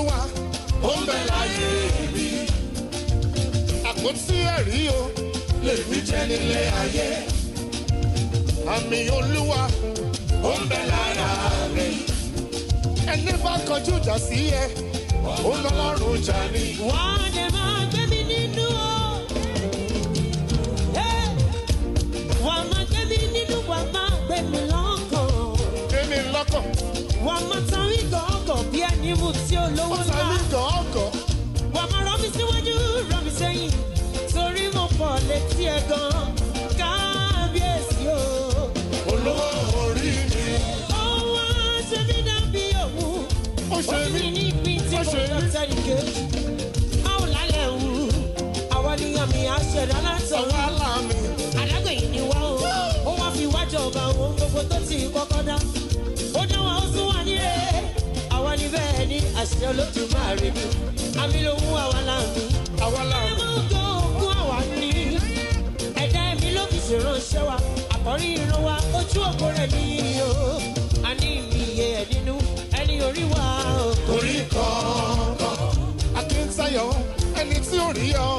olúwa ó ń bẹ láyé mi àpótí ẹ̀rí o lèmi jẹ́ nílé ayé àmì olúwa ó ń bẹ lára rẹ ẹni bá kọjú ìjà sí ẹ ó lọ lọ́rùn jà ní. wàá dẹ̀ máa gbé mi nínú o. wàá máa gbé mi nínú wàá máa gbé mi lọ́kàn. gbé mi lọ́kàn. wàá máa tán rí níbù tí olówó ńlá. ọ̀sán mi gàn ọ́ wà á rọ́ mi síwájú rọ́ mi sẹ́yìn torí mo pọ̀ létí ẹ̀ gan kábíyèsí o. olówó orí mi. ó wá ṣe mí dábí òun. ó ṣe mí ní ìpín tí mo lọ tẹ́lẹ̀ kejì. a ò lálẹ́ wù àwa ni àmì àṣẹ̀dá látọ̀. àwa là mí. yìí ni wá o. ó wá fi wájọ ọba òun gbogbo tó ti kọ́kọ́ dá. àṣẹ Olódùmarè mi àmì ló mú àwa láàmì àwa láàmì ló mú tó kún àwa ní ẹ̀dá ẹ̀mí ló fi ṣèrànṣẹ́ wa àkọ́rí ìran wa ojú òpó rẹ̀ nìyí o àní mi yẹ ẹ̀ nínú ẹni orí wa o. orí kọ̀ọ̀kan akíntayọ̀ ẹni tí ò rí ọ.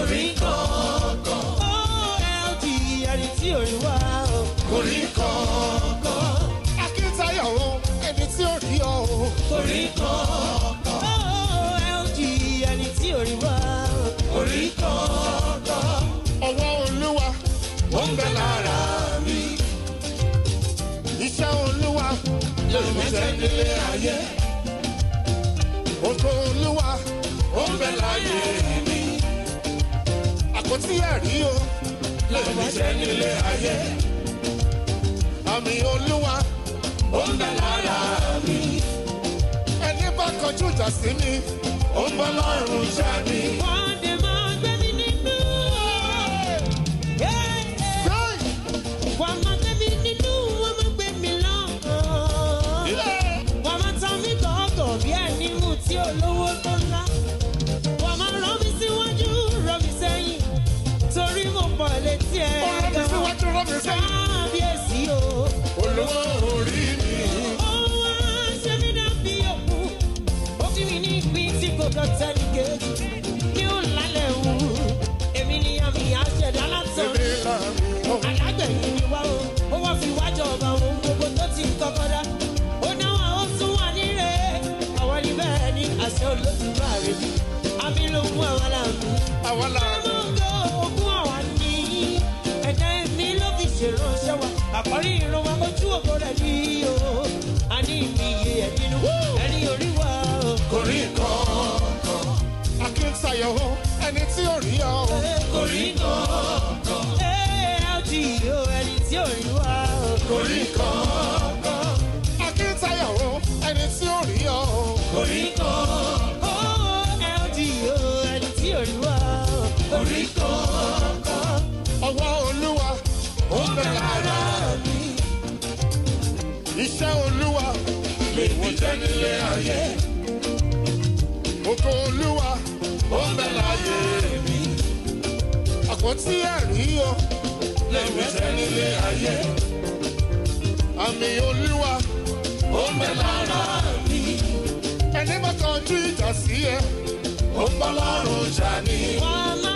orí kọ̀ọ̀kan old ẹni tí ò rí wa o. orí kọ̀ọ̀kan orí kọ̀ọ̀kan. olg ẹni tí orí wá. orí kọ̀ọ̀kan. ọwọ́ olúwa ó ń bẹ lára mi. iṣẹ́ olúwa yóò mẹ́sẹ̀ nílé ayé. oṣù olúwa ó ń bẹ láyé mi. àkótí ẹ̀rí o yóò mẹ́sẹ̀ nílé ayé. àmì olúwa ó ń lára mi wá kọjú ìjà sí mi ó ń bọ́ lọ́rùn ṣáà mi. lọ́jọ́ tẹ́lí kejì ní òlàlẹ̀ wù èmi ni àmì àṣẹ̀dá látàn alágbẹ̀yìn ni wá o ó wọ́n fi wájọ ọba òun gbogbo tó ti kọ́kọ́ dá ṣàyọ̀ o ẹni tí ò rí ọ o. kò rí kankan. ALG o ẹni tí ò rí wa o. kò rí kankan. Akíntayọ̀ o ẹni tí ò rí ọ o. kò rí kankan. ALG o ẹni tí ò rí wa o. kò ọwọ́ olúwa ó bẹ̀rẹ̀ ara mi. iṣẹ́ olúwa lè wọ́n jẹ́ nílé ayé. Oko Olúwa. òfò tí ẹ rí o lè mẹ́sẹ̀ nílé ayé. àmì olúwa ó mẹ́ lára mi. ẹni bá kọjú ìjà sí ẹ ó bá lọ́rùn jà ní. wàhálà.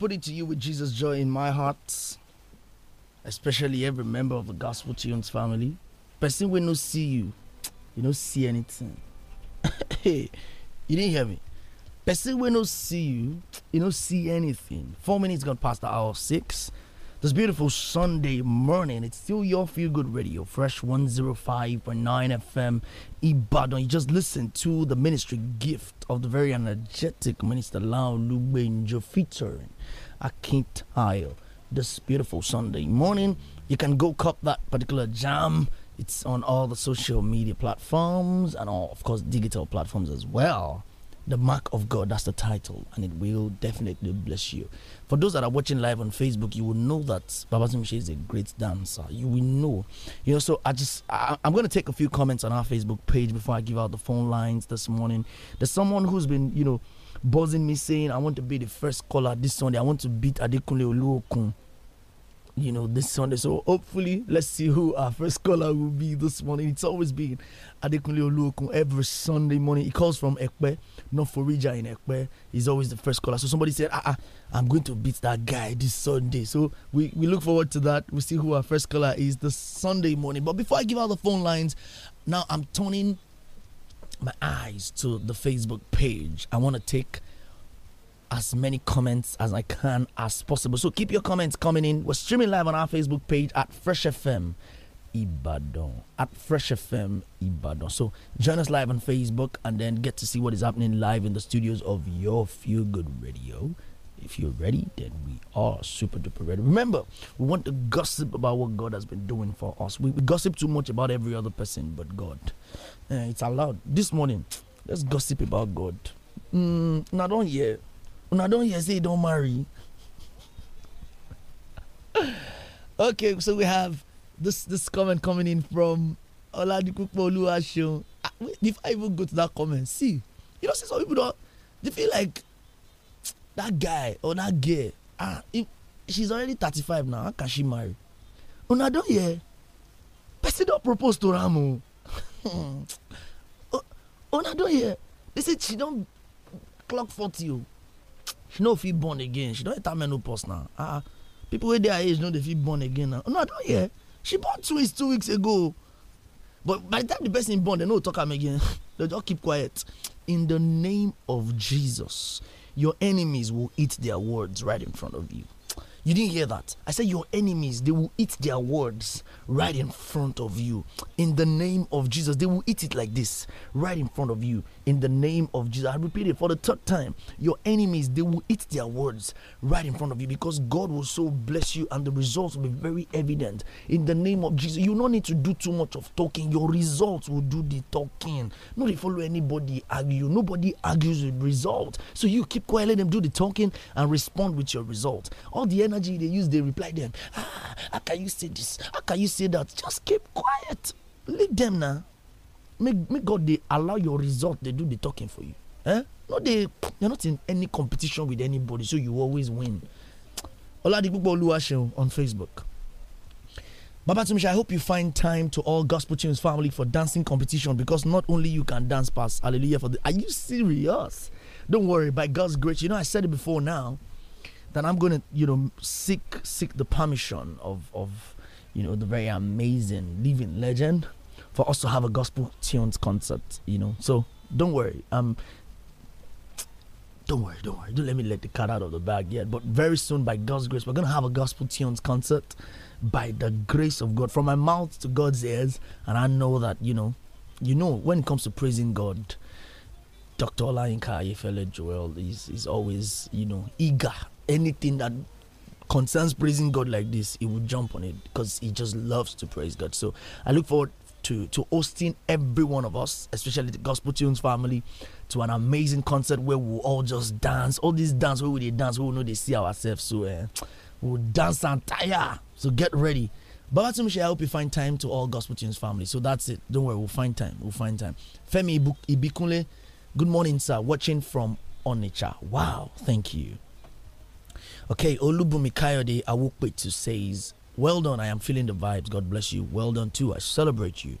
put it to you with Jesus' joy in my heart, especially every member of the Gospel Tunes family. Person will not see you, you don't see anything. hey, you didn't hear me. Person will not see you, you don't see anything. Four minutes gone past the hour of six. This beautiful Sunday morning, it's still your Feel Good Radio, Fresh 105.9 FM, Ibadan. You just listen to the ministry gift of the very energetic Minister Lao Lugbenjo featuring Akint Tile. This beautiful Sunday morning, you can go cop that particular jam. It's on all the social media platforms and all, of course, digital platforms as well. The Mark of God, that's the title, and it will definitely bless you. For those that are watching live on Facebook, you will know that Babazimshe is a great dancer. You will know. You know, so I just, I, I'm going to take a few comments on our Facebook page before I give out the phone lines this morning. There's someone who's been, you know, buzzing me saying, I want to be the first caller this Sunday. I want to beat Adekunle Oluokun you know, this Sunday. So hopefully, let's see who our first caller will be this morning. It's always been Adekunle Oluokun every Sunday morning. He calls from Ekpe, not Forija in Ekpe. He's always the first caller. So somebody said, ah, ah, I'm going to beat that guy this Sunday. So we, we look forward to that. We'll see who our first caller is this Sunday morning. But before I give out the phone lines, now I'm turning my eyes to the Facebook page. I want to take as many comments as I can as possible. So keep your comments coming in. We're streaming live on our Facebook page at Fresh FM Ibadan. At Fresh FM Ibadan. So join us live on Facebook and then get to see what is happening live in the studios of your Feel Good Radio. If you're ready, then we are super duper ready. Remember, we want to gossip about what God has been doing for us. We, we gossip too much about every other person but God. Uh, it's allowed. This morning, let's gossip about God. Mm, now, don't hear. una don hear say e don marry okay so we have this this comment coming in from oladipupo oluwaseun ah, if i even go to that comment see you know see some people don they feel like that guy or that girl ah if she's already thirty-five now how can she marry una don hear person don propose to am o una don hear they say she don clock forty o she no fit born again she don enter menopause now ah, ah people wey dey her age no dey fit born again now no i don hear she born two weeks two weeks ago but by the time the person born they no talk am again They just keep quiet in the name of jesus your enemies will eat their words right in front of you you didn't hear that i said your enemies they will eat their words right in front of you in the name of jesus they will eat it like this right in front of you in the name of Jesus. I repeat it for the third time. Your enemies, they will eat their words right in front of you because God will so bless you and the results will be very evident. In the name of Jesus, you don't need to do too much of talking. Your results will do the talking. Not follow anybody argue. Nobody argues with result. So you keep quiet, let them do the talking and respond with your result. All the energy they use, they reply them. Ah, how can you say this? How can you say that? Just keep quiet. Leave them now make make God they allow your result, they do the talking for you. Eh? No, they they're not in any competition with anybody, so you always win. Oladipupo Oluwaseun on Facebook. Babatunde, I hope you find time to all Gospel Tunes family for dancing competition because not only you can dance past Hallelujah for the. Are you serious? Don't worry, by God's grace, you know I said it before now that I'm gonna you know seek seek the permission of of you know the very amazing living legend for us to have a gospel tunes concert, you know. So don't worry. Um don't worry, don't worry. Don't let me let the cat out of the bag yet. But very soon, by God's grace, we're gonna have a gospel tunes concert by the grace of God. From my mouth to God's ears, and I know that, you know, you know, when it comes to praising God, Dr. Olainka Ayefele Joel is, is always, you know, eager. Anything that concerns praising God like this, he would jump on it because he just loves to praise God. So I look forward to to hosting every one of us, especially the Gospel Tunes family, to an amazing concert where we will all just dance. All these dance where we they dance, we will know they see ourselves. So uh, we'll dance and tire. So get ready. Baba Tumishi, I hope you find time to all Gospel Tunes family. So that's it. Don't worry, we'll find time. We'll find time. Femi Ibikunle, good morning, sir. Watching from Onicha. Wow, thank you. Okay, Olubumi Kayode Awukpetu says, well done. I am feeling the vibes. God bless you. Well done too. I celebrate you.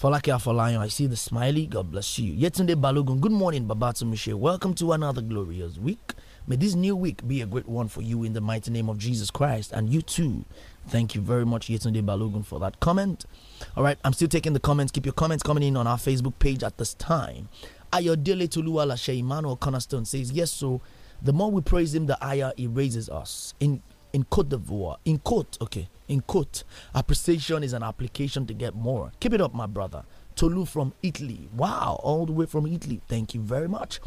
Falake Afalayan, I see the smiley. God bless you. Yetunde Balogun, good morning, Babatu Mishe. Welcome to another glorious week. May this new week be a great one for you in the mighty name of Jesus Christ and you too. Thank you very much, Yetunde Balogun, for that comment. All right, I'm still taking the comments. Keep your comments coming in on our Facebook page at this time. Ayodele Tuluala Lashe Emmanuel Cornerstone says, Yes, so the more we praise him, the higher he raises us. In in Cote d'Ivoire, in Cote, okay, in Cote, appreciation is an application to get more. Keep it up, my brother. Tolu from Italy. Wow, all the way from Italy. Thank you very much.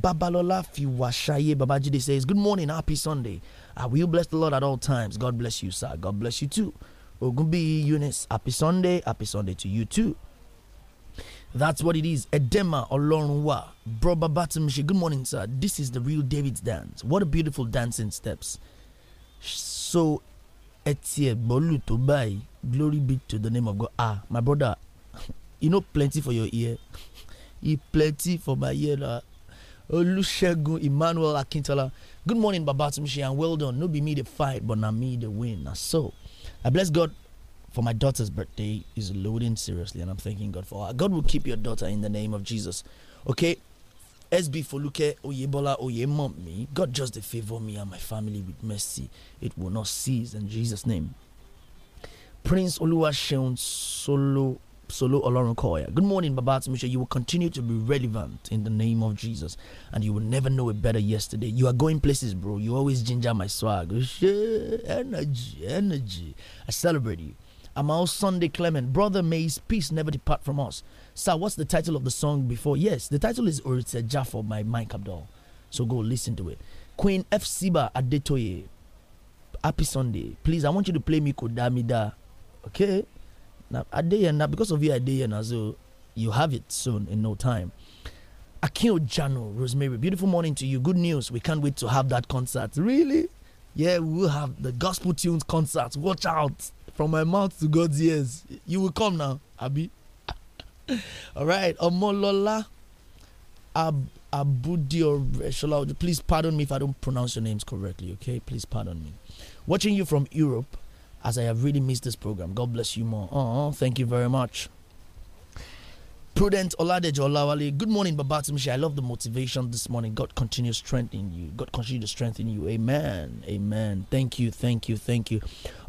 Babalola Fiwashaye Babajide says, Good morning, happy Sunday. I will bless the Lord at all times. God bless you, sir. God bless you too. Ogunbi Eunice, happy Sunday. Happy Sunday to you too. That's what it is. Edema Olorunwa. Bro Babatumshi, good morning, sir. This is the real David's dance. What a beautiful dancing steps so eti egbolu to buy glory be to the name of god ah my brother you know plenty for your ear e plenty for my ear na olusegun emmanuel akintola good morning babatunde and well done no be me the fight but na me the win na so i bless god for my daughter's birthday is loading seriously and i'm thanking god for her god will keep your daughter in the name of jesus okay SB Foluke Oyebola Oyemami, God just to favor me and my family with mercy. It will not cease in Jesus' name. Prince Oluwaseun Solo Solo Koya. Good morning, Baba Timisha. You will continue to be relevant in the name of Jesus, and you will never know it better. Yesterday, you are going places, bro. You always ginger my swag. Energy, energy. I celebrate you. I'm out Sunday Clement, brother. May his peace never depart from us. Sir, what's the title of the song before? Yes, the title is Oritse Jaffa by Mike Abdul. So go listen to it. Queen F. Siba Adetoye. Happy Sunday. Please, I want you to play me Kodamida. Okay? Now, Adeye, now because of you, Adeye, now, so you have it soon in no time. Akio Jano, Rosemary, beautiful morning to you. Good news. We can't wait to have that concert. Really? Yeah, we will have the gospel tunes concert. Watch out. From my mouth to God's ears. You will come now, Abby. All right, Omolola Ab Abudio Please pardon me if I don't pronounce your names correctly, okay? Please pardon me. Watching you from Europe, as I have really missed this program. God bless you more. Oh, thank you very much. Prudent Oladejo Olawale. Good morning, Babatimshi. I love the motivation this morning. God continues strengthening you. God continue to strengthen you. Amen. Amen. Thank you. Thank you. Thank you.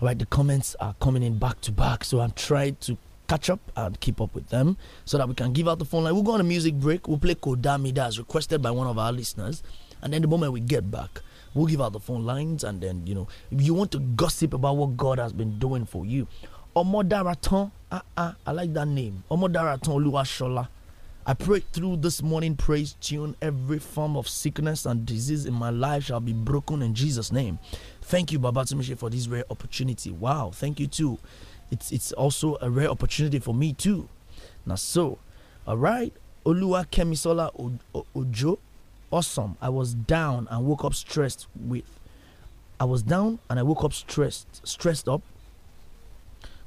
All right, the comments are coming in back to back, so I'm trying to catch up and keep up with them so that we can give out the phone line. We'll go on a music break. We'll play Kodamida as requested by one of our listeners. And then the moment we get back, we'll give out the phone lines. And then, you know, if you want to gossip about what God has been doing for you, Omodaraton, ah, uh, ah, uh, I like that name. Omodaraton Oluwashola. I pray through this morning praise tune, every form of sickness and disease in my life shall be broken in Jesus' name. Thank you, Babatsumishi, for this rare opportunity. Wow, thank you too it's it's also a rare opportunity for me too. Now so, all right, oluwa Kemisola Ojo, awesome. I was down and woke up stressed with. I was down and I woke up stressed, stressed up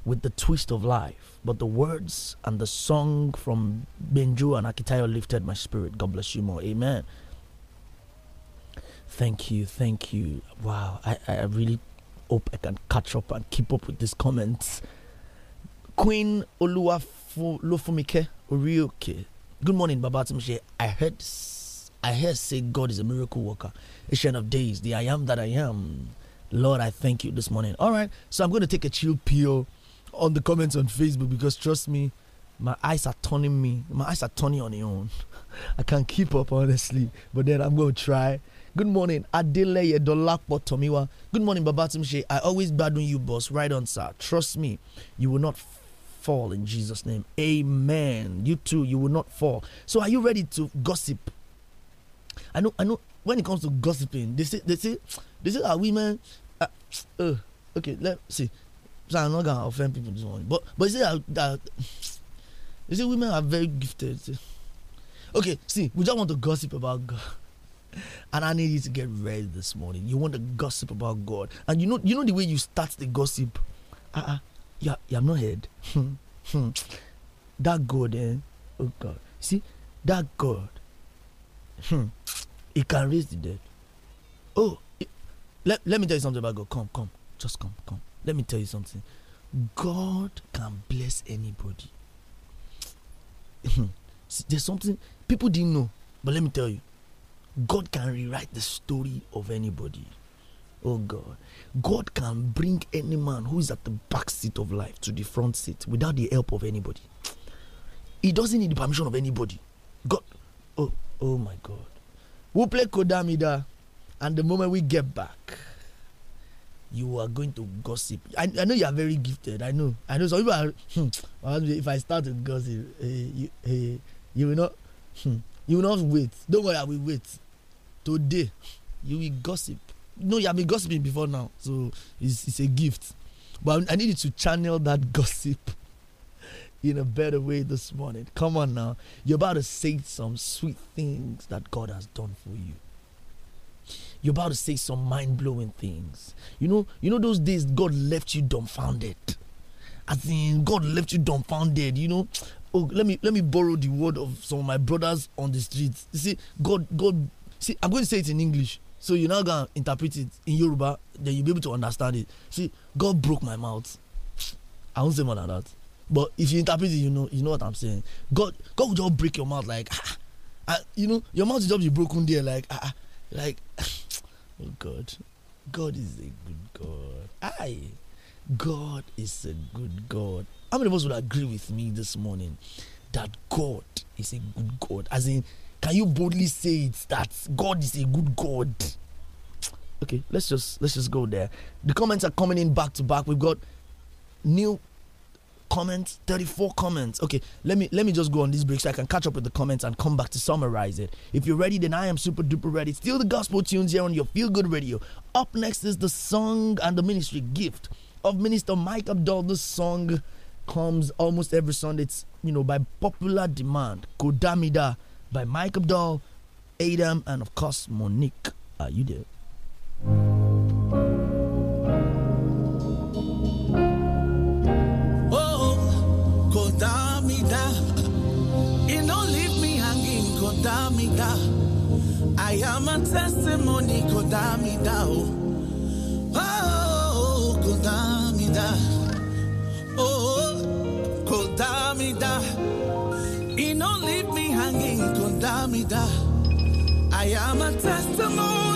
with the twist of life. But the words and the song from Benju and Akitayo lifted my spirit. God bless you more. Amen. Thank you, thank you. Wow, I, I really hope I can catch up and keep up with these comments. Queen Oluwafumike Orioke. Good morning, Baba I heard I hear, say God is a miracle worker, ancient of days, the I am that I am. Lord, I thank you this morning. All right, so I'm going to take a chill pill on the comments on Facebook because trust me, my eyes are turning me. My eyes are turning on their own. I can't keep up honestly, but then I'm going to try Good morning, Adeleye Dolakpo Tomiwa. Good morning, Babatumshe. I always badun you, boss. Right on, sir. Trust me, you will not fall in Jesus' name. Amen. You too, you will not fall. So, are you ready to gossip? I know, I know. When it comes to gossiping, they say, they say, they say, are women? Uh, uh, okay, let's see. So I'm not gonna offend people this morning, but but you say that, you say women are very gifted. Okay, see, we just want to gossip about God. And I need you to get ready this morning. You want to gossip about God. And you know, you know the way you start the gossip. Uh-uh. Yeah, yeah, I'm not heard. Hmm, hmm. that God, eh? Oh God. See, that God. Hmm. He can raise the dead. Oh, let, let me tell you something about God. Come, come. Just come, come. Let me tell you something. God can bless anybody. Hmm. There's something people didn't know, but let me tell you, God can rewrite the story of anybody. Oh God. God can bring any man who is at the back seat of life to the front seat without the help of anybody. He doesn't need the permission of anybody. God, oh, oh my God. We'll play Kodamida, and the moment we get back, you are going to gossip. I, I know you are very gifted. I know. I know So hmm, if I start to gossip, uh, you, uh, you will not. Hmm you will not wait don't worry i will wait today you will gossip no you have been gossiping before now so it's, it's a gift but i need you to channel that gossip in a better way this morning come on now you're about to say some sweet things that god has done for you you're about to say some mind-blowing things you know you know those days god left you dumbfounded as in god left you dumbfounded you know oh let me let me borrow the word of some of my brothers on the street you see god god see i'm going to say it in english so you now gonna interpret it in yoruba then you'll be able to understand it see god broke my mouth i won't say more than that but if you interpret it you know you know what i'm saying god god will just break your mouth like ah, ah you know your mouth will just be broken there like ah, ah like oh god god is a good god i god is a good god How many of us would agree with me this morning that God is a good God? As in, can you boldly say it that God is a good God? Okay, let's just let's just go there. The comments are coming in back to back. We've got new comments 34 comments okay let me let me just go on this break so i can catch up with the comments and come back to summarize it if you're ready then i am super duper ready still the gospel tunes here on your feel good radio up next is the song and the ministry gift of minister mike abdul the song comes almost every Sunday. It's you know by popular demand. Kodamida by Mike Abdul, Adam, and of course Monique. Are you there? Oh, Kodamida. I am a testimony, Kodamida. Oh, Kodamida. I am a testimony.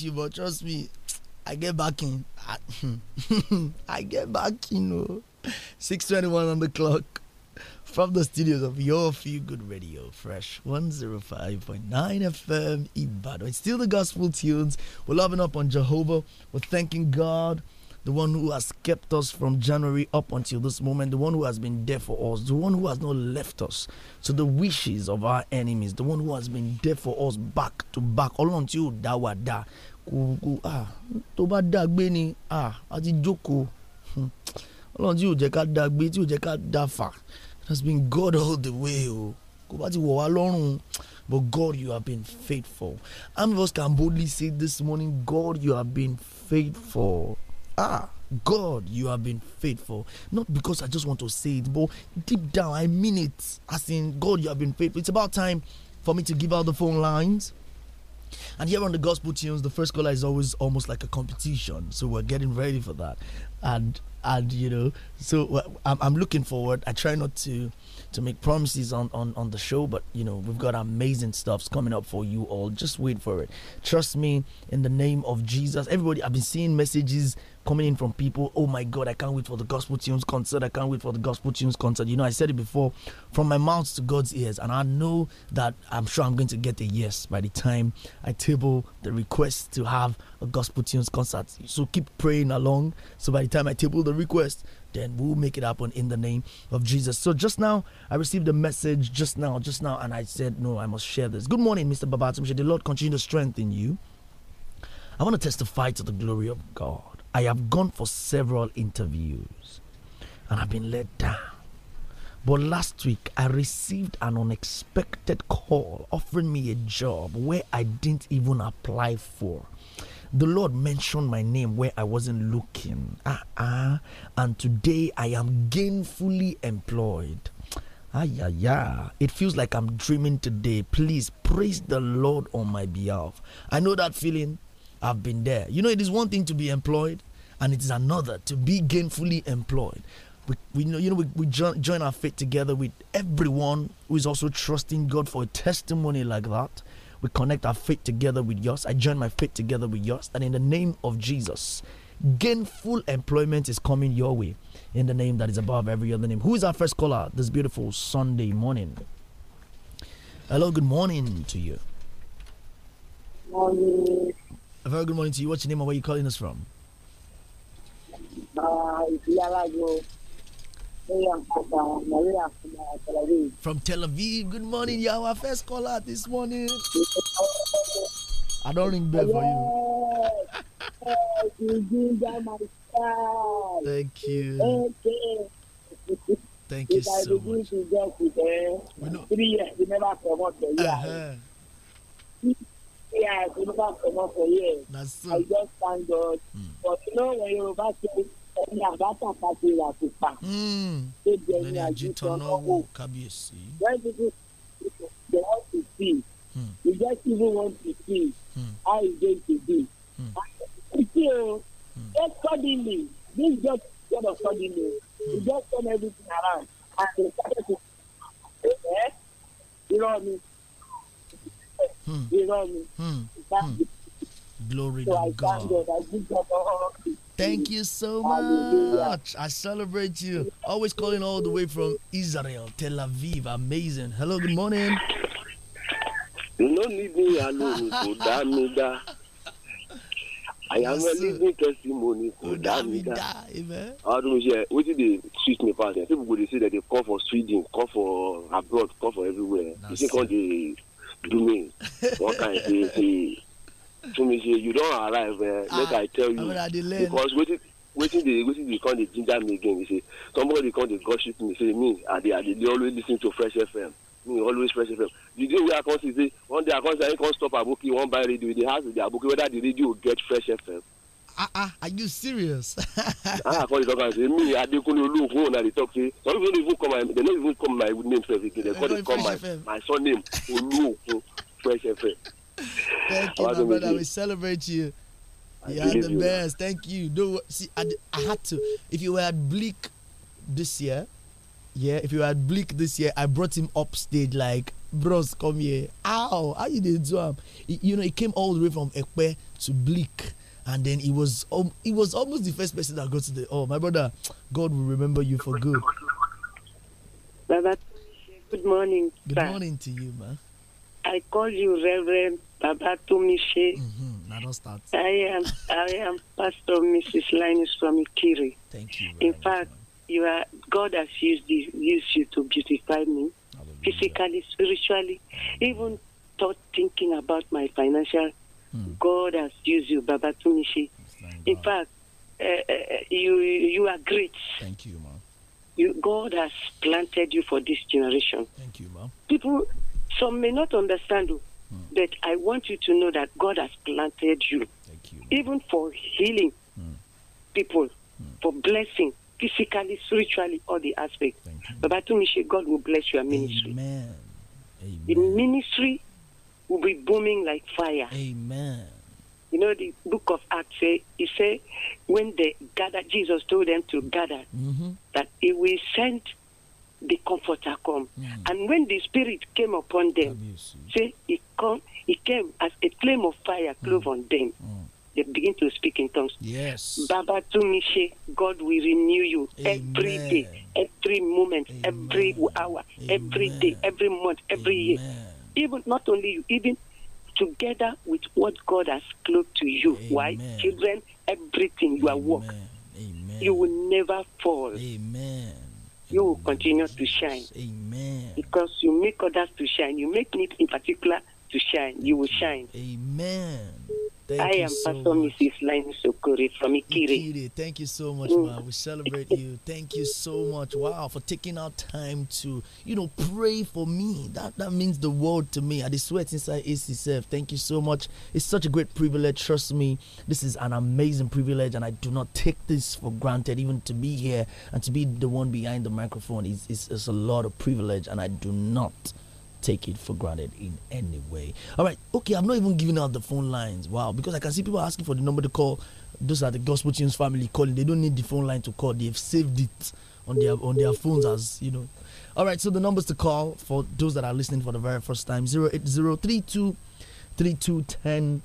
you, but trust me, I get back in. I, I get back in. You know. 621 on the clock from the studios of Your Feel Good Radio, Fresh 105.9 FM Ibadan. It's still the gospel tunes. We're loving up on Jehovah. We're thanking God the one who has kept us from January up until this moment, the one who has been there for us, the one who has not left us to the wishes of our enemies, the one who has been there for us back to back, all until Dawada. tó bá dàgbé toba a ti jókòó hmm. ọlọ́run tí yóò jẹ́ you dàgbé tí yóò you ká dàfà it has been God all the way But God, you have been faithful. i many of us can boldly say this morning, God, you have been faithful ah god you have been faithful not because i just want to say it but deep down i mean it as in god you have been faithful it's about time for me to give out the phone lines and here on the gospel tunes the first caller is always almost like a competition so we're getting ready for that and and you know so i'm, I'm looking forward i try not to to make promises on, on on the show but you know we've got amazing stuffs coming up for you all just wait for it trust me in the name of jesus everybody i've been seeing messages coming in from people. Oh my God, I can't wait for the Gospel Tunes concert. I can't wait for the Gospel Tunes concert. You know, I said it before from my mouth to God's ears. And I know that I'm sure I'm going to get a yes by the time I table the request to have a Gospel Tunes concert. So keep praying along. So by the time I table the request, then we'll make it happen in the name of Jesus. So just now, I received a message just now, just now, and I said, No, I must share this. Good morning, Mr. Babatum. the Lord continue to strengthen you. I want to testify to the glory of God. I have gone for several interviews and I've been let down. But last week, I received an unexpected call offering me a job where I didn't even apply for. The Lord mentioned my name where I wasn't looking. Ah, uh-uh. And today I am gainfully employed. Ah, yeah, yeah. It feels like I'm dreaming today. Please praise the Lord on my behalf. I know that feeling. I've been there. You know, it is one thing to be employed, and it is another to be gainfully employed. We, we you know, we, we join, join our faith together with everyone who is also trusting God for a testimony like that. We connect our faith together with yours. I join my faith together with yours. And in the name of Jesus, gainful employment is coming your way in the name that is above every other name. Who is our first caller this beautiful Sunday morning? Hello, good morning to you. Morning. A very good morning to you. What's your name and where are you calling us from? Ah, uh, uh, from Tel Aviv. Good morning. You're our first caller this morning. I don't ring bell for you. Thank you. Thank you so much. Eh, we know. Three years, we never promote yeah, it's never come up for years. That's so. I just thank God. Mm. But you know, when Yorùbá to, ẹni àbáta pàṣẹ ìwà tó pa. Ṣé bẹ́ẹ̀ ni àjùtọ̀ náà wò kábíyèsí? When people they want to see, mm. you just even want to see hmm. how it's going to be. Mm. And still, mm. just suddenly, this just sort of suddenly, mm. just turn everything around and they start to, eh, you know what irọ́ hmm. mi. Hmm. Hmm. Glory to God. Thank you so much. I celebrate you. Always calling all the way from Israel, Tel Aviv. Amazing. Hello, good morning. No need me alone to damida. I am a living testimony for damida. Amen. I don't know what did they sweet me past. People would say that they call for Sweden, call for abroad, call for everywhere. You see, all the doing what i say say to say you don arrive eh make ah, i tell you because wetin wetin dey wetin dey come dey ginger me again be say somebody come dey gossip me say me i dey i dey always lis ten to fresh fm me always fresh fm the day wey i come see say one day i come see i come stop aboki one buy radio house ask the aboki whether the radio get fresh fm Ah, ah are you serious. ah for the talk am say me adekunle olufun una dey talk say some people no even come my they no even come my name sef again they call dey call my my surname olufun fresh fm. thank you my brother we celebrate you. you are the best thank you no see I, I had to if you were at bleak this year yeah if you were at bleak this year i brought him up stage like bros come here ow how you did, do you know he came all the way from Ekwe to bleak and then he was um, he was almost the first person that got to the oh my brother god will remember you for good Baba, good morning good sir. morning to you man i call you reverend baba tumishe mm-hmm. start i am i am pastor mrs linus from ikiri thank you in fact you are god has used, this, used you to beautify me Hallelujah. physically spiritually even thought thinking about my financial God has used you, Baba Tunishi. In fact, uh, you you are great. Thank you, ma'am. You, God has planted you for this generation. Thank you, ma'am. People, some may not understand you, oh, hmm. but I want you to know that God has planted you. Thank you. Even for healing hmm. people, hmm. for blessing, physically, spiritually, all the aspects. Baba God will bless your ministry. Amen. Amen. The ministry will be booming like fire. Amen. You know, the book of Acts say, he say, when they gathered, Jesus told them to gather, mm-hmm. that he will send the comforter come. Mm. And when the spirit came upon them, say it come it came as a flame of fire clove mm. on them. Mm. They begin to speak in tongues. Yes. Baba Tumishe, God will renew you Amen. every day, every moment, Amen. every hour, Amen. every day, every month, every year even not only you, even together with what God has clothed to you. Amen. Why? Children, everything, your Amen. work. Amen. You will never fall. Amen. You will continue to shine. Amen. Because you make others to shine. You make me in particular to shine. You will shine. Amen. Thank I am so Pastor much. Mrs. Line Sokore from Ikiri. Ikiri. Thank you so much, mm. ma. We celebrate you. Thank you so much. Wow, for taking out time to, you know, pray for me. That that means the world to me. I the sweat inside ACCF. Thank you so much. It's such a great privilege. Trust me, this is an amazing privilege, and I do not take this for granted. Even to be here and to be the one behind the microphone is is, is a lot of privilege, and I do not take it for granted in any way. All right, okay, I'm not even giving out the phone lines. Wow, because I can see people asking for the number to call. Those are the gospel tunes family calling. They don't need the phone line to call. They've saved it on their on their phones as you know. All right, so the numbers to call for those that are listening for the very first time: 08032 59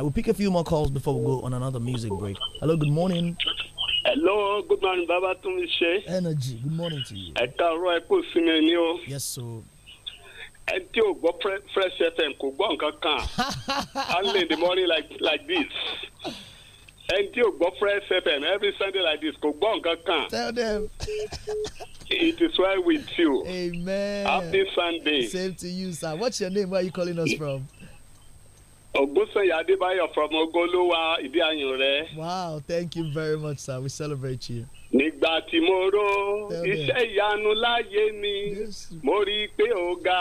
We'll pick a few more calls before we go on another music break. Hello, good morning. Hello, good morning, Baba Tunmise. Energy, good morning to you. Ẹ káàárọ̀ ẹ kú sinmi ni o. Yes, so. Ẹ tí o gbọ́ Fresh FM kò gbọ́ nǹkan kan. Only in the morning like, like this. Ẹ tí o gbọ́ Fresh FM every Sunday like this kò gbọ́ nǹkan kan. Tell them. It is well with you. Amen. Happy Sunday. Same to you, sir. What's your name? Where are you calling us from? Ogunsanya Adebayo from Ogolowa Ibiayanrẹ. Wow, thank you very much, sir. We celebrate you. Nígbà tí mo rò iṣẹ́ ìyanu láyé mi, mo rí i pé ó ga,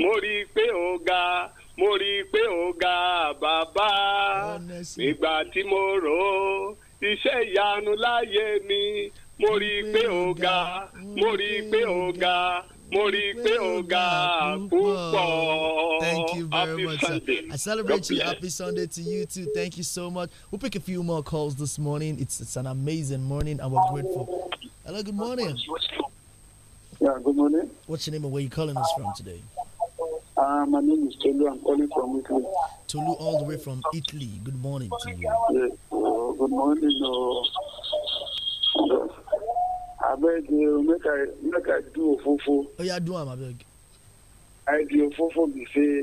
mo rí i pé ó ga, mo rí i pé ó ga bàbá. Nígbà tí mo rò iṣẹ́ ìyanu láyé mi, mo rí i pé ó ga, mo rí i pé ó ga. mo rí i pé púpọ̀. thank you very happy much sunday. i celebrate you happy sunday to you too thank you so much we'll pick a few more calls this morning it's it's an amazing morning and we're grateful hello good morning. Yeah, good morning. What's your name and where you calling us from today? Uh, my name is Tolu. I'm calling from Italy. Tolu, all the way from Italy. Good morning to you. Uh, good morning. Uh, abeg o eh, make i make i do ofofo. oya oh, do am abeg. i dey ofofo be say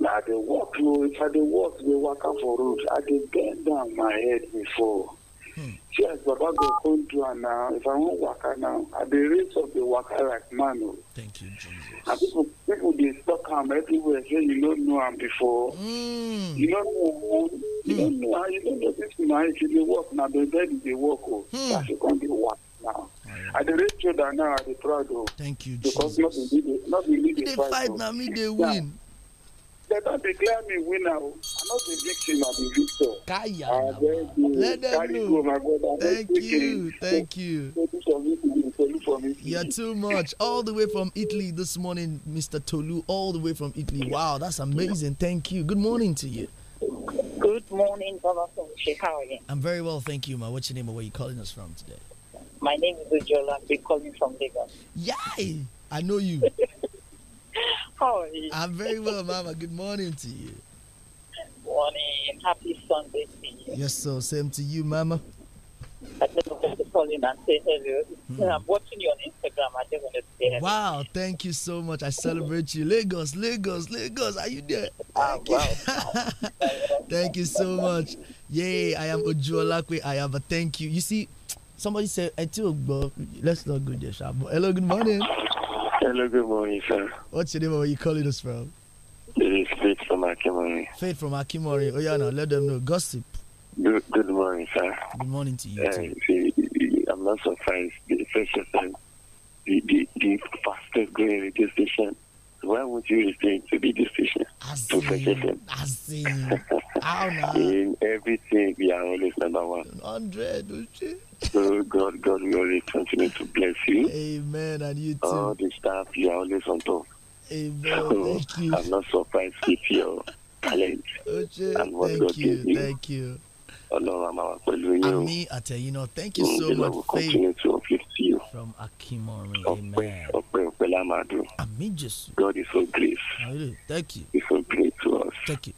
na i dey work o if i dey work dey waka for road i dey bend down my head before. Hmm. see as baba go come do am now if i wan waka now i dey raise up dey waka like man o. Oh. thank you jesus. and people people dey talk am everywhere say you no know am before. Mm. you no know oh. you hmm. no know how you no know dis man if you dey work na the bed you dey work o. Hmm. as you come dey work. Nigeria now I dey proud o. Thank you because Jesus. Because no be me dey no be fight. Dey fight na me dey win. Dem don declare me winner oh. I'm not the victim I am the victor. Kaya na ma. Let dem know. Thank you. Thank you. You're too much. All the way from Italy this morning, Mr. Tolu. All the way from Italy. Wow, that's amazing. Thank you. Good morning to you. Good morning, Baba How are you? I'm very well, thank you, ma. What's your name and where are you calling us from today? My name is Ujola. I've been calling from Lagos. Yay! I know you. How are you? I'm very well, Mama. Good morning to you. Morning. Happy Sunday to you. Yes, sir. Same to you, Mama. I just wanted to call in and say hello. Hmm. I'm watching you on Instagram. I just wanted to say hello. Wow, thank you so much. I celebrate you. Lagos, Lagos, Lagos. Are you there? Ah, thank, wow, you. thank you so much. Yay, I am I have a Thank you. You see, Somebody said, let's not go there, sir. Hello, good morning. Hello, good morning, sir. What's your name where you calling us from? It is Faith from Akimori. Faith from Akimori. Oh, yeah, no, let them know. Gossip. Good, good morning, sir. Good morning to you. Uh, see, I'm not surprised. The first the, the, the fastest growing radio station why would you refrain to be deficient as to Fresh FM? As in, in everything, we are always number one. 100, So God, God we always continue to bless you. Amen, and you too. All the staff, you are always on top. Amen, so thank you. I'm not surprised with your talent Uche, and what God you, gave you. Thank you. Ọlọ́run àmàwà pẹ̀lú yín o. Àmì àtẹ̀yìn náà, thank you mm, so much. Faith. From Akimori, amen. Amen, Jesus. God is so great. thank you. He's so great to us. Thank you.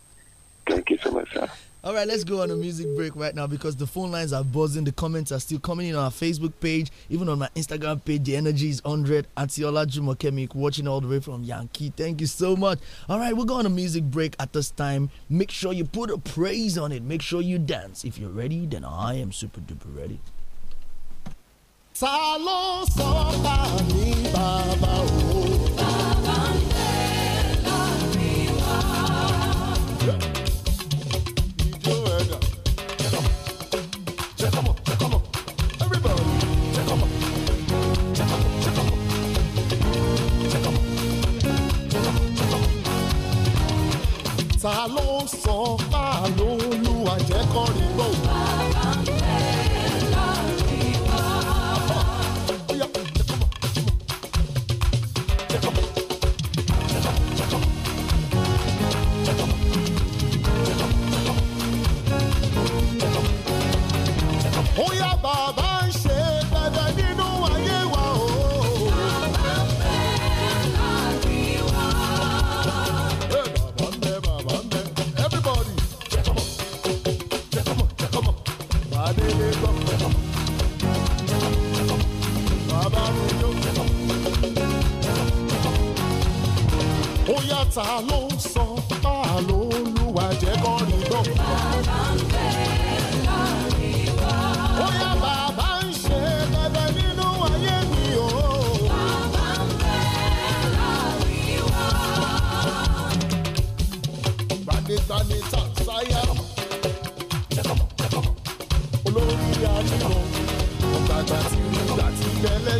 Thank you so much, sir. All right, let's go on a music break right now because the phone lines are buzzing. The comments are still coming in on our Facebook page, even on my Instagram page. The energy is 100. Atiola Jumokemik watching all the way from Yankee. Thank you so much. All right, we're going on a music break at this time. Make sure you put a praise on it. Make sure you dance. If you're ready, then I am super duper ready ta ló sọ bá mi bàbá o. check check check check check ta ló sọ bá lóluwà jẹ́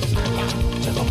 Jésù.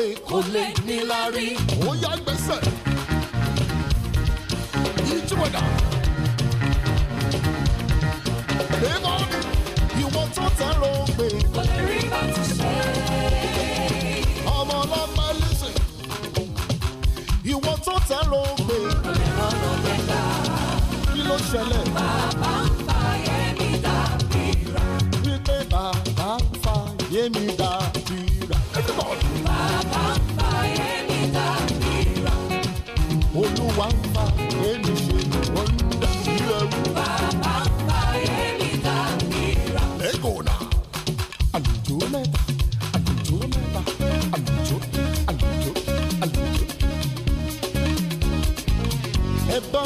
pé kò lè níláárí ó yá gbẹ́sẹ̀ ìjúwèdà èèmọ̀ ni ìwọ tó tẹ̀ ló ń pè. kò lè rí bá ti ṣe. ọmọ ọlọ́pàá lẹ́sìn ìwọ tó tẹ̀ ló ń pè. kò lè rọrùn gbẹ̀gbà. kí ló ṣẹlẹ̀. bàbá ń fa yẹmi dá bíra. wípé bàbá ń fa yẹmi dá.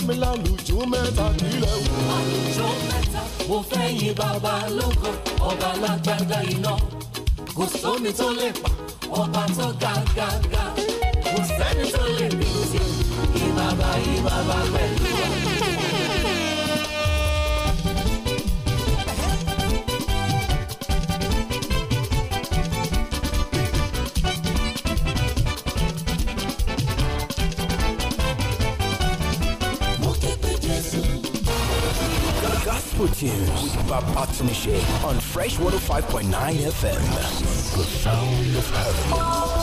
mi lálùjù mẹ́ta nílẹ̀ wò. àlùjù mẹ́ta mo fẹ́ yin bàbá lógo ọba lágbádá iná kò sómi tó lè pa ọba tó ga ga ga kò sẹ́ni tó lè bí tiẹ̀ yí bàbá yí bàbá pẹ̀lú. on Fresh 105.9 FM. The sound of heaven.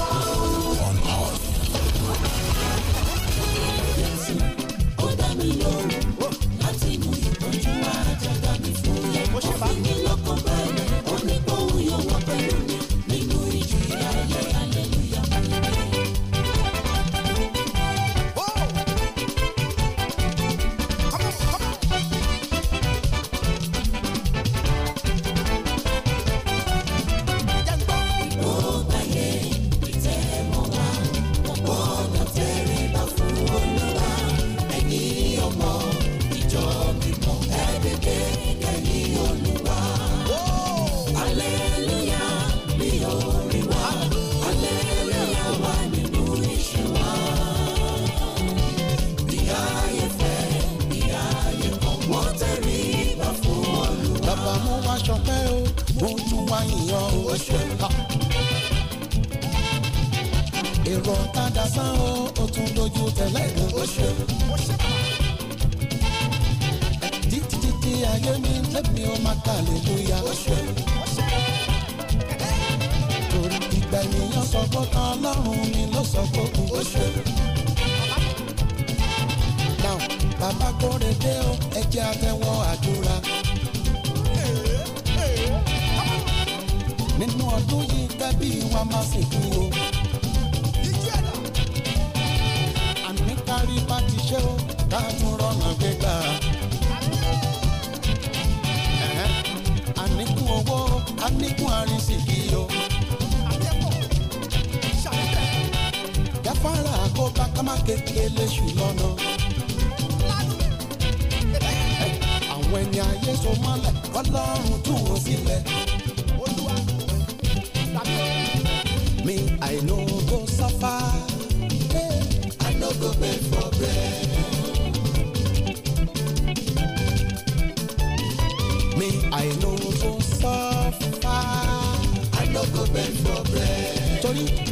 rẹ̀. torí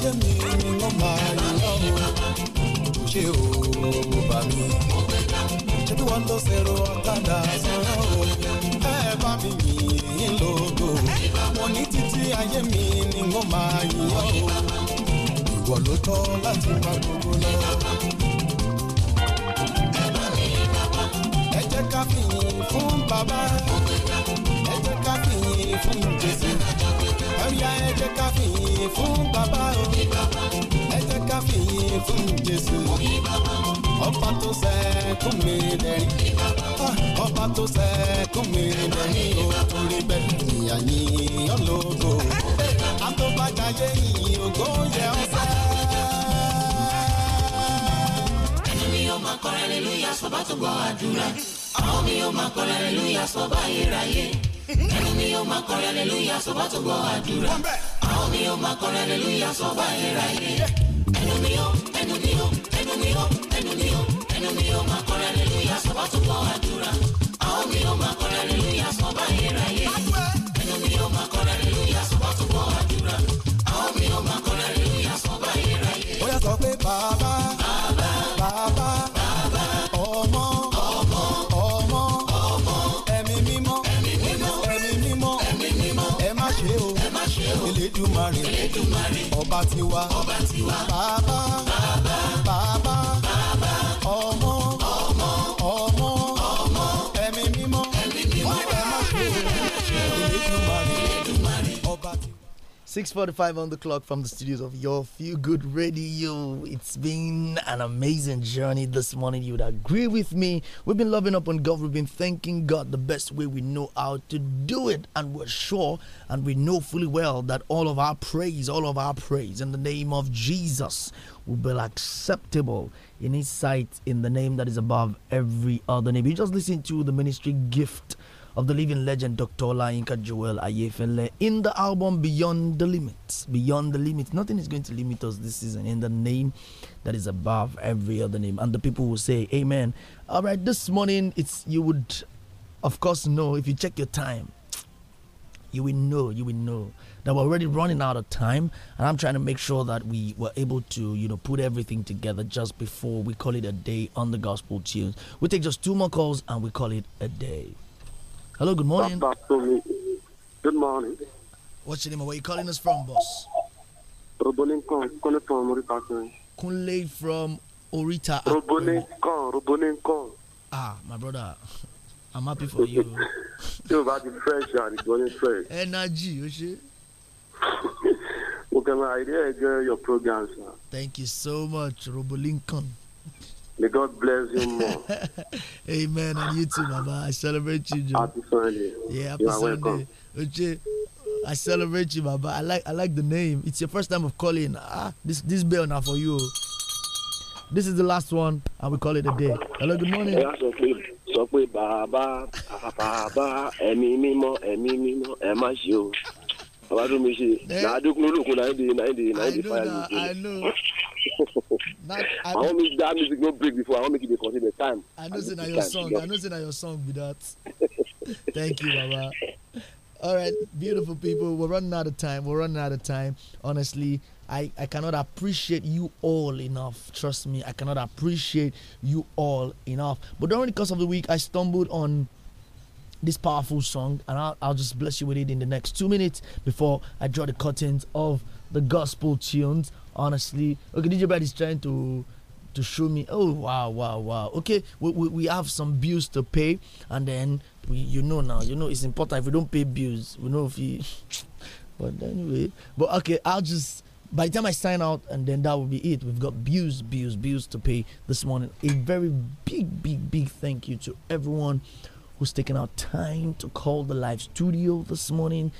ayé mi ni wọ́n máa yẹ lọ́wọ́ kò ṣe o bá mi. ṣebí wọ́n tó ṣèrò ọ̀kadà sọ̀rọ̀ o ẹ bá mi yìnyín lòdò mo ní títí ayé mi ni wọ́n máa yẹ lọ́wọ́ ìwọ ló tọ́ láti máa gbogbo lọ. ẹ jẹ́ ká fìyìn fún bàbá ẹ jẹ́ ká fìyìn fún Jésù ọ̀yá ẹ jẹ́ ká fìyìn fún bàbá o ẹ jẹ́ ká fìyìn fún Jésù ọba tó sẹ́kùn mi dẹ̀rín ah, ọba tó sẹ́kùn mi dẹ̀rín o torí bẹ́ẹ̀ ìyá yìí ọlọ́gbọ́ àtọ́bàjáyé yìí ògo yẹ ọ̀sẹ̀. ẹnu mi yóò máa kọrin hallelujah sọ bá tó gbọ́ àdúrà àwọn mi yóò máa kọrin hallelujah sọ bá yẹra yẹ ẹnu ni yóò máa kọrin aleluya sọ bá tó gbọ́ àdúrà àwọn ni yóò máa kọrin aleluya sọ bá ìra ilé ẹnu ni yóò ẹnu ni yóò ẹnu ni yóò ẹnu ni yóò ẹnu ni yóò máa kọrin aleluya sọ bá tó gbọ́ àdúrà àwọn ni yóò máa kọrin aleluya sọ bá ìra ilé yóò máa kọrin aleluya sọ tó gbọ́ àdúrà àwọn ni yóò máa kọrin aleluya sọ bá ìra ilé. sọ pé bàbá. ọba tiwa. ọba tiwa. bàbá. 6.45 on the clock from the studios of Your Feel Good Radio. It's been an amazing journey this morning. You would agree with me. We've been loving up on God. We've been thanking God the best way we know how to do it. And we're sure and we know fully well that all of our praise, all of our praise in the name of Jesus will be acceptable in His sight in the name that is above every other name. You just listen to the ministry gift of the living legend Dr. Inka Joel Ayefele in the album Beyond the Limits. Beyond the Limits. Nothing is going to limit us this season in the name that is above every other name. And the people will say, Amen. All right, this morning, it's you would, of course, know if you check your time, you will know, you will know that we're already running out of time and i'm trying to make sure that we were able to you know put everything together just before we call it a day on the gospel tunes we take just two more calls and we call it a day Hello, good morning. good morning. What's your name? Where you calling us from, boss? Kunle from Orita. from Orita. Ah, my brother. I'm happy for you. You're about the fresh and the going fresh. Energy, you see? Okay, my idea is your program, sir. Thank you so much, Robo Lincoln. May God bless you more. Amen. And you too, Mama. I celebrate you, Joe. Happy Sunday. Yeah, happy you are Sunday. Welcome. I celebrate you, Baba. I like I like the name. It's your first time of calling. Ah, this this bell now for you. This is the last one, and we call it a day. Hello, good morning. sọ bàbá bàbá ẹ̀mí mímọ́ ẹ̀mí mímọ́ ẹ̀ na aduk nulu na hindi na hindi na hindi fire I know. I, I want make that music no break before I want make it continue the time. I know say na your song. I know say na your song be that. Thank you, Baba. All right, beautiful people. We're running out of time. We're running out of time. Honestly, I, I cannot appreciate you all enough. Trust me, I cannot appreciate you all enough. But during the course of the week, I stumbled on this powerful song, and I'll, I'll just bless you with it in the next two minutes before I draw the curtains of the gospel tunes. Honestly, okay, DJ Brad is trying to to show me. Oh wow, wow, wow. Okay, we, we, we have some bills to pay, and then we you know now you know it's important. If we don't pay bills, we know if you. but anyway, but okay, I'll just by the time I sign out, and then that will be it. We've got bills, bills, bills to pay this morning. A very big, big, big thank you to everyone who's taken out time to call the live studio this morning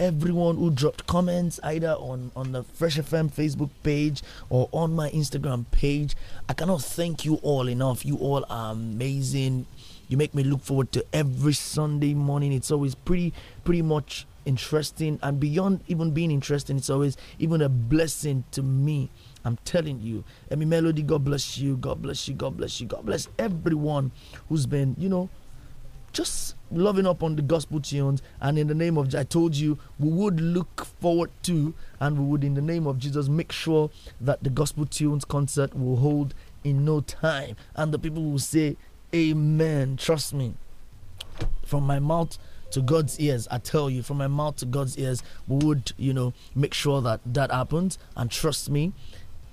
everyone who dropped comments either on on the Fresh FM Facebook page or on my Instagram page. I cannot thank you all enough. You all are amazing. You make me look forward to every Sunday morning. It's always pretty pretty much interesting and beyond even being interesting, it's always even a blessing to me. I'm telling you. Emmy Melody, God bless you. God bless you. God bless you. God bless everyone who's been, you know, just loving up on the gospel tunes and in the name of i told you we would look forward to and we would in the name of jesus make sure that the gospel tunes concert will hold in no time and the people will say amen trust me from my mouth to god's ears i tell you from my mouth to god's ears we would you know make sure that that happens and trust me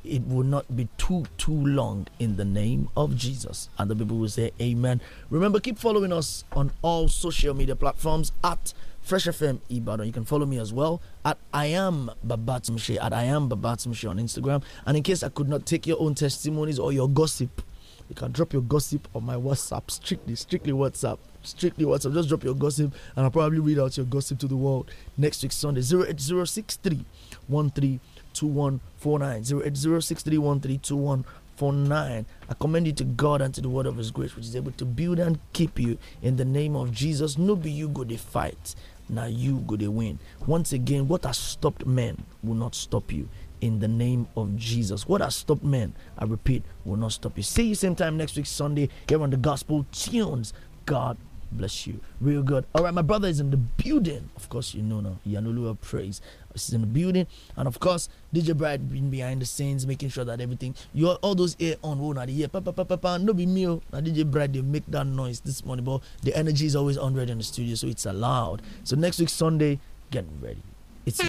it will not be too too long in the name of jesus and the people will say amen remember keep following us on all social media platforms at Fresh FM Ibadan. You can follow me as well at I am Babat at I am Babat on Instagram. And in case I could not take your own testimonies or your gossip, you can drop your gossip on my WhatsApp, strictly, strictly WhatsApp, strictly WhatsApp. Just drop your gossip and I'll probably read out your gossip to the world next week Sunday. 08063 631 I commend you to God and to the word of his grace, which is able to build and keep you in the name of Jesus. No be you go to fight. Now you go to win. Once again, what has stopped men will not stop you in the name of Jesus. What has stopped men, I repeat, will not stop you. See you same time next week, Sunday, here on the Gospel Tunes. God bless you. Real good. All right, my brother is in the building. Of course, you know now. Yanulua praise. He's in the building. And of course, DJ Bride being behind the scenes, making sure that everything, you all those air on, oh, now the air, pa, pa, pa, pa, pa, no be me. Oh. Now DJ Bride, they make that noise this morning, but the energy is always on ready in the studio, so it's allowed. So next week, Sunday, get ready. It's.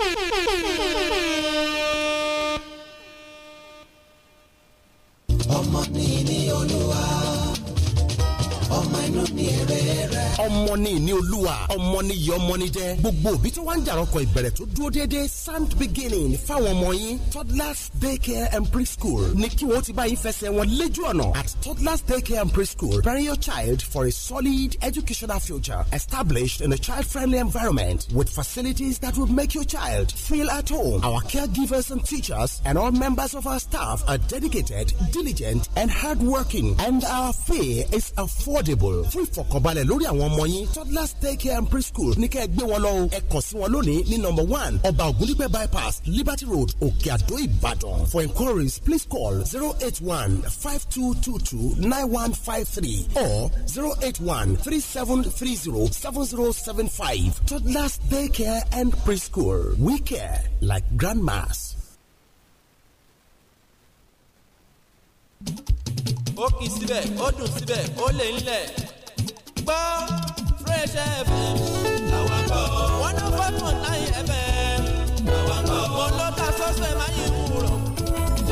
ọmọ ni ìní olúwa ọmọ ni ìyá ọmọ ni jẹ́ gbogbo òbí tí wọ́n ń jàrọ̀kọ̀ ìbẹ̀rẹ̀ tó dúró déédéé sand beginning fáwọn ọmọ yín toddlers daycare and preschool ní kí wọ́n ti bá yín fẹsẹ̀ wọn lójú ọ̀nà at toddlers daycare and preschool bury your child for a solid educational future established in a child-friendly environment with facilities that will make your child feel at home. Our caregivers and teachers and all members of our staff are dedicated, diligent and hardworking and our fee is affordable. Fún ìfọ̀kànbalẹ̀ lórí àwọn ọmọ ọmọ yín toddlers take care and preschool ní kẹ́ ẹ gbé wọn lọ o ẹ kàn sí wọn lónìí ní number one ọba ògúndípẹ̀ bypass liberty road òkè àdó ìbàdàn for inquiries please call zero eight one five two two two nine one five three or zero eight one three seven three zero seven zero seven five toddlers take care and preschool we care like grandmas. ó kì í síbẹ̀ ó dùn síbẹ̀ ó lè ń lẹ̀ gbọ́ Fresh FM. àwọn kọ́. one oh five point nine FM. àwọn kọ́. mo lọ ta sọ́sẹ̀ máa yẹ kúrò.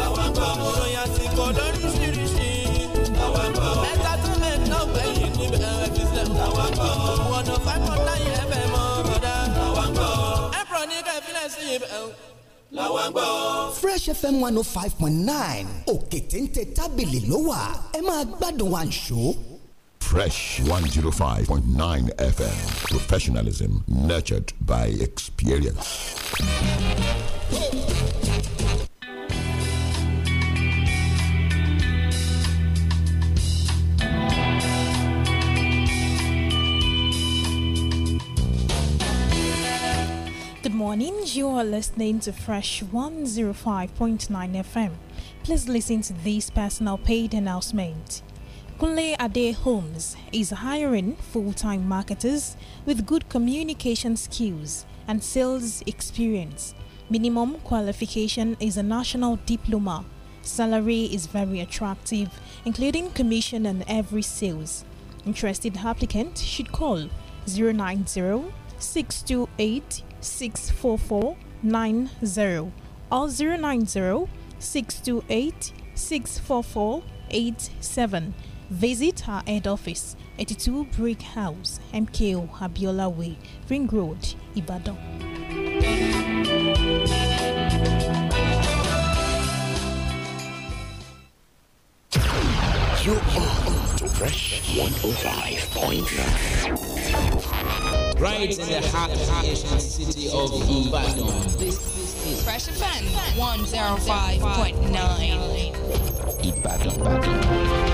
àwọn kọ́. ìròyìn àsìkò lóríṣiríṣi. àwọn kọ́. mẹ́ta tó mẹ́ náà gbẹ̀yìn níbẹ̀ ẹ̀ fi sẹ́. àwọn kọ́. one oh five point nine FM mọ́ bọ́dá. àwọn kọ́. ẹ pọ̀ ní kẹ́fílẹ̀ sí ibẹ̀ làwọn gbọ́. fresh fm one oh òkè téńté tábìlì ló wà ẹ máa gbádùn wa ń ṣó. Fresh 105.9 FM. Professionalism nurtured by experience. Good morning, you are listening to Fresh 105.9 FM. Please listen to this personal paid announcement. Kunle Ade Holmes is hiring full-time marketers with good communication skills and sales experience. Minimum qualification is a national diploma. Salary is very attractive, including commission on every sales. Interested applicant should call 090 628 64490 or 090 628 64487. Visit her head office, 82 Brick House, MKO Abiola Way, Ring Road, Ibadan. You are on to Fresh 105.9. Right in the heart of the city of Ibadan. This is Fresh Offense 105.9. Ibadan. Ibadan.